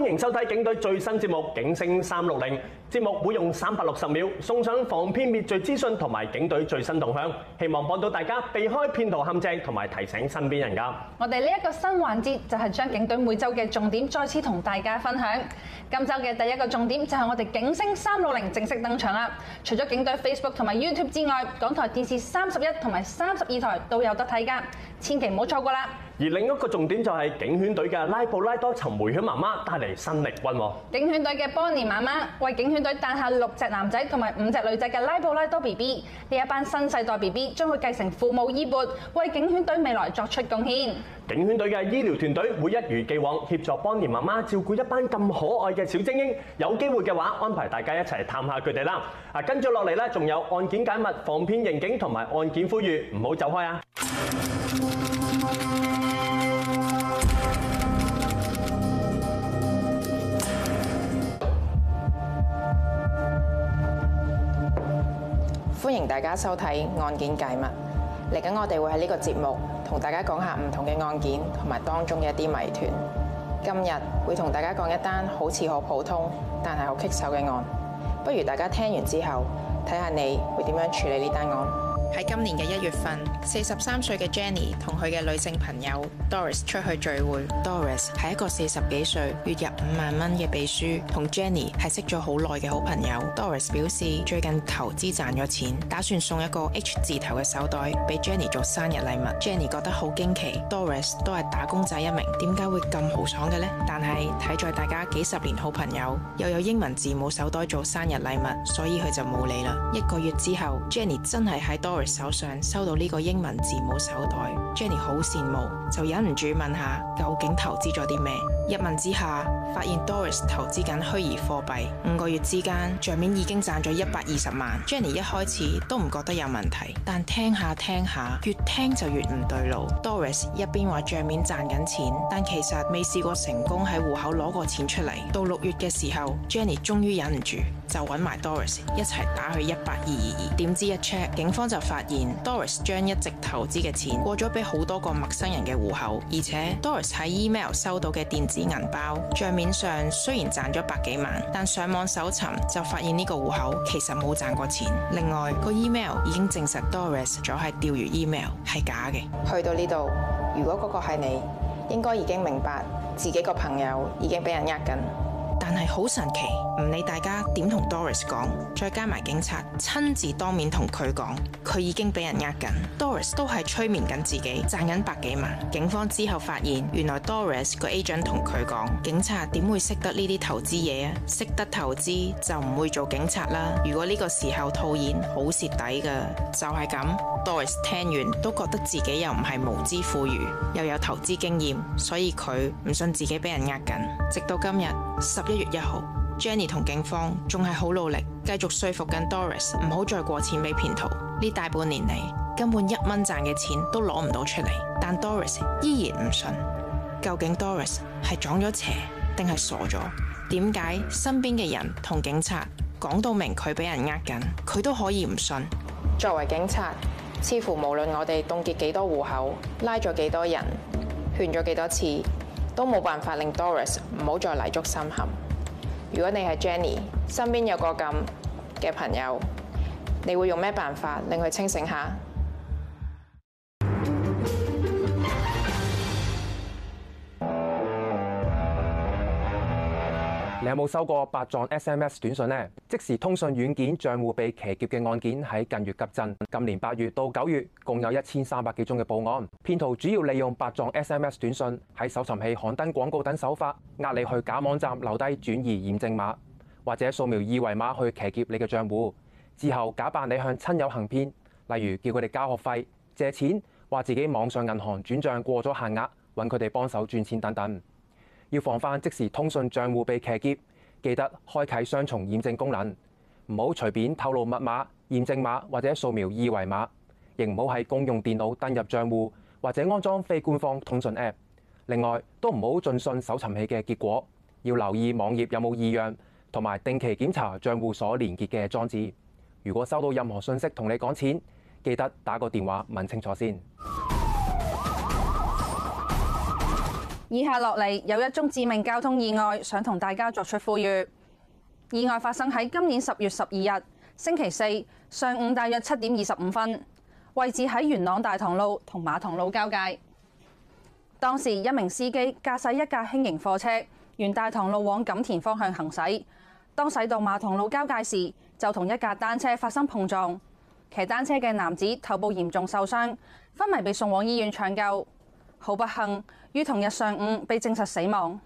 歡迎收睇警隊最新節目《警聲360》。節目會用三百六十秒送上防騙滅罪資訊同埋警隊最新動向，希望幫到大家避開騙徒陷阱同埋提醒身邊人㗎。我哋呢一個新環節就係將警隊每週嘅重點再次同大家分享。今週嘅第一個重點就係我哋警聲三六零正式登場啦。除咗警隊 Facebook 同埋 YouTube 之外，港台電視三十一同埋三十二台都有得睇㗎，千祈唔好錯過啦。而另一個重點就係警犬隊嘅拉布拉多尋回犬媽媽帶嚟新力軍喎。警犬隊嘅 Bonnie 媽媽為警犬警犬隊誕下六隻男仔同埋五隻女仔嘅拉布拉多 B B，呢一班新世代 B B 將會繼承父母衣缽，為警犬隊未來作出貢獻。警犬隊嘅醫療團隊會一如既往協助邦尼媽媽照顧一班咁可愛嘅小精英，有機會嘅話安排大家一齊探下佢哋啦。啊，跟住落嚟呢，仲有案件解密、防騙刑警同埋案件呼籲，唔好走開啊！歡迎大家收睇《案件解密》。嚟緊我哋會喺呢個節目同大家講下唔同嘅案件同埋當中嘅一啲謎團。今日會同大家講一單好似好普通，但係好棘手嘅案，不如大家聽完之後睇下你會點樣處理呢單案。喺今年嘅一月份，四十三歲嘅 Jenny 同佢嘅女性朋友 Doris 出去聚會。Doris 係一個四十幾歲、月入五萬蚊嘅秘書，同 Jenny 係識咗好耐嘅好朋友。Doris 表示最近投資賺咗錢，打算送一個 H 字頭嘅手袋俾 Jenny 做生日禮物。Jenny 覺得好驚奇，Doris 都係打工仔一名，點解會咁豪爽嘅呢？但係睇在大家幾十年好朋友，又有英文字母手袋做生日禮物，所以佢就冇理啦。一個月之後，Jenny 真係喺多。手上收到呢個英文字母手袋，Jenny 好羨慕，就忍唔住問下究竟投資咗啲咩？一問之下，發現 Doris 投資緊虛擬貨幣，五個月之間帳面已經賺咗一百二十萬。Jenny 一開始都唔覺得有問題，但聽下聽下，越聽就越唔對路。Doris 一邊話帳面賺緊錢，但其實未試過成功喺戶口攞過錢出嚟。到六月嘅時候，Jenny 終於忍唔住，就揾埋 Doris 一齊打去一八二二二。點知一 check，警方就發現 Doris 將一直投資嘅錢過咗俾好多個陌生人嘅戶口，而且 Doris 喺 email 收到嘅電子啲銀包賬面上雖然賺咗百幾萬，但上網搜尋就發現呢個戶口其實冇賺過錢。另外，個 email 已經證實 Doris 咗係釣魚 email，係假嘅。去到呢度，如果嗰個係你，應該已經明白自己個朋友已經俾人呃緊。但係好神奇，唔理大家點同 Doris 講，再加埋警察親自當面同佢講，佢已經俾人呃緊。Doris 都係催眠緊自己，賺緊百幾萬。警方之後發現，原來 Doris 個 agent 同佢講，警察點會識得呢啲投資嘢啊？識得投資就唔會做警察啦。如果呢個時候套現，好蝕底噶。就係咁，Doris 聽完都覺得自己又唔係無知富裕，又有投資經驗，所以佢唔信自己俾人呃緊。直到今日十一月一號，Jenny 同警方仲係好努力，繼續說服緊 Doris 唔好再過錢俾騙徒。呢大半年嚟，根本一蚊賺嘅錢都攞唔到出嚟。但 Doris 依然唔信。究竟 Doris 係撞咗邪，定係傻咗？點解身邊嘅人同警察講到明佢俾人呃緊，佢都可以唔信？作為警察，似乎無論我哋凍結幾多戶口，拉咗幾多人，勸咗幾多次，都冇辦法令 Doris 唔好再泥足深陷。如果你係 Jenny，身邊有個咁嘅朋友，你會用咩辦法令佢清醒下？你有冇收過白撞 SMS 短訊呢？即時通訊軟件賬戶被騎劫嘅案件喺近月急增。今年八月到九月共有一千三百幾宗嘅報案。騙徒主要利用白撞 SMS 短訊喺搜尋器刊登廣告等手法，壓你去假網站留低轉移驗證碼，或者掃描二維碼去騎劫你嘅賬戶，之後假扮你向親友行騙，例如叫佢哋交學費、借錢，話自己網上銀行轉賬過咗限額，搵佢哋幫手轉錢等等。要防範即時通訊帳戶被騎劫，記得開啓雙重驗證功能，唔好隨便透露密碼、驗證碼或者掃描二維碼，亦唔好喺公用電腦登入帳戶或者安裝非官方通訊 App。另外，都唔好盡信搜尋器嘅結果，要留意網頁有冇異樣，同埋定期檢查帳戶所連結嘅裝置。如果收到任何訊息同你講錢，記得打個電話問清楚先。以下落嚟有一宗致命交通意外，想同大家作出呼籲。意外發生喺今年十月十二日星期四上午，大約七點二十五分，位置喺元朗大棠路同馬塘路交界。當時一名司機駕駛一架輕型貨車沿大棠路往錦田方向行駛，當駛到馬塘路交界時，就同一架單車發生碰撞。騎單車嘅男子頭部嚴重受傷，昏迷，被送往醫院搶救。好不幸。於同日上午被證實死亡。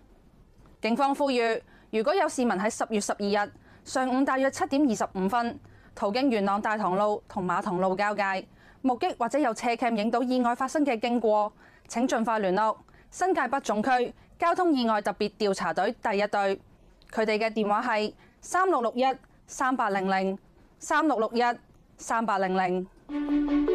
警方呼籲，如果有市民喺十月十二日上午大約七點二十五分，途經元朗大棠路同馬同路交界，目擊或者有斜 c 影到意外發生嘅經過，請盡快聯絡新界北總區交通意外特別調查隊第一隊，佢哋嘅電話係三六六一三八零零三六六一三八零零。